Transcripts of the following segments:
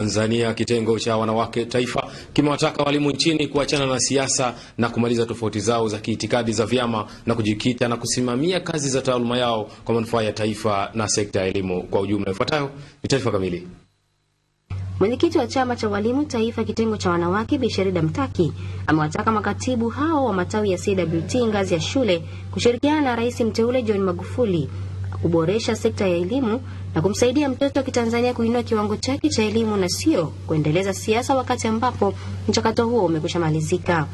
Tanzania kitengo cha wanawake taifa kimewataka walimu nchini kuachana na siasa na kumaliza tofauti zao za kiitikadi za vyama na kujikita na kusimamia kazi za taaluma yao kwa manufaa ya taifa na sekta ya elimu kwa ujumla. Ifuatayo ni taarifa kamili. Mwenyekiti wa chama cha walimu taifa kitengo cha wanawake Bi Sherida Mtaki amewataka makatibu hao wa matawi ya CWT ngazi ya shule kushirikiana na rais mteule John Magufuli kuboresha sekta ya elimu na kumsaidia mtoto wa Kitanzania kuinua kiwango chake cha elimu na sio kuendeleza siasa wakati ambapo mchakato huo umekwisha malizika.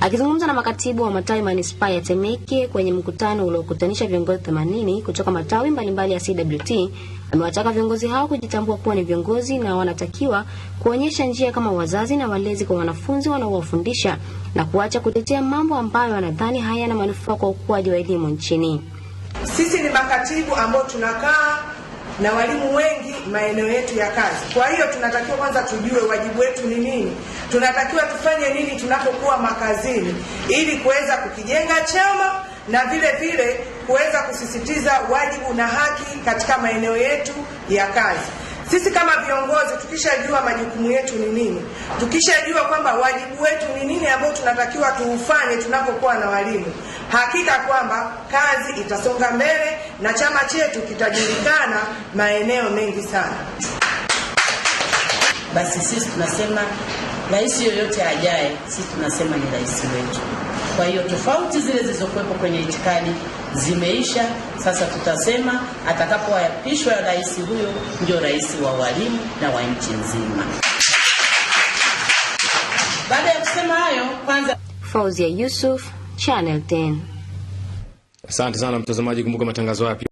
Akizungumza na makatibu wa matawi manispaa ya Temeke kwenye mkutano uliokutanisha viongozi 80 kutoka matawi mbalimbali ya CWT, amewataka viongozi hao kujitambua kuwa ni viongozi na wanatakiwa kuonyesha njia kama wazazi na walezi kwa wanafunzi wanaowafundisha na kuacha kutetea mambo ambayo wanadhani hayana manufaa kwa ukuaji wa elimu nchini. Sisi ni makatibu ambao tunakaa na walimu wengi maeneo yetu ya kazi. Kwa hiyo tunatakiwa kwanza tujue wajibu wetu ni nini, tunatakiwa tufanye nini tunapokuwa makazini, ili kuweza kukijenga chama na vile vile kuweza kusisitiza wajibu na haki katika maeneo yetu ya kazi. Sisi kama viongozi tukishajua majukumu yetu ni nini, tukishajua kwamba wajibu wetu ni nini ambao tunatakiwa tuufanye tunapokuwa na walimu, hakika kwamba kazi itasonga mbele na chama chetu kitajulikana maeneo mengi sana. Basi sisi tunasema rais yoyote ajaye, sisi tunasema ni rais wetu. Kwa hiyo tofauti zile zilizokuwepo kwenye itikadi zimeisha. Sasa tutasema atakapoapishwa rais huyo ndio rais wa walimu na wa nchi nzima. Baada ya kusema hayo, kwanza Fauzia Yusuf, Channel 10. Asante sana mtazamaji, kumbuka matangazo yapi